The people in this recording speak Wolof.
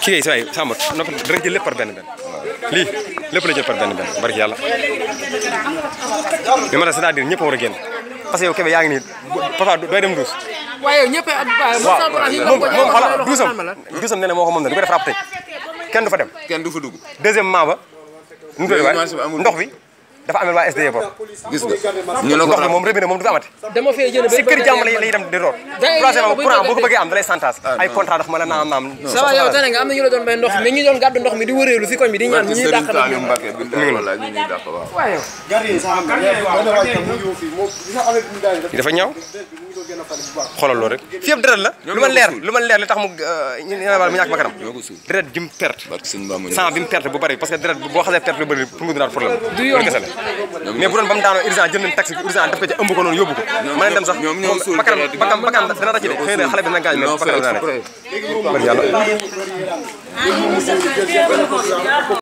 kii yi saa yi Samba noppi lépp par benn benn. lii lépp la jël par benn benn barki yàlla. li ma la c'est-à-dire ñëpp war a génn parce que yow Kébé yaa ngi nii papa doy dem duus. ñëpp a. waaw moom moom voilà duusam duusam nee moo ko moom na du ko def rap tey kenn du fa dem. kenn du dugg deuxièmement ba. nu mu ndox bi. dafa amel waa SDE gis nga ñu ne moom robinet moom du ko amati. Ah, a naam naam. ça na ñu la doon ñu doon gàddu ndox mi fi koñ bi la lu ma leer lu ma leer li tax mu euh, ñu mu ñàkk bakkanam deret bi mu bu bari parce que deret boo xasee perte lu bëri pour mu dundaat problème mais bu doon ba mu a jël nañ taxi bi urgent daf ko ci noonu yóbbu ko mën a sax bakkan bakkan bakkan dana racci de xëy na xale bi dina gaañ mais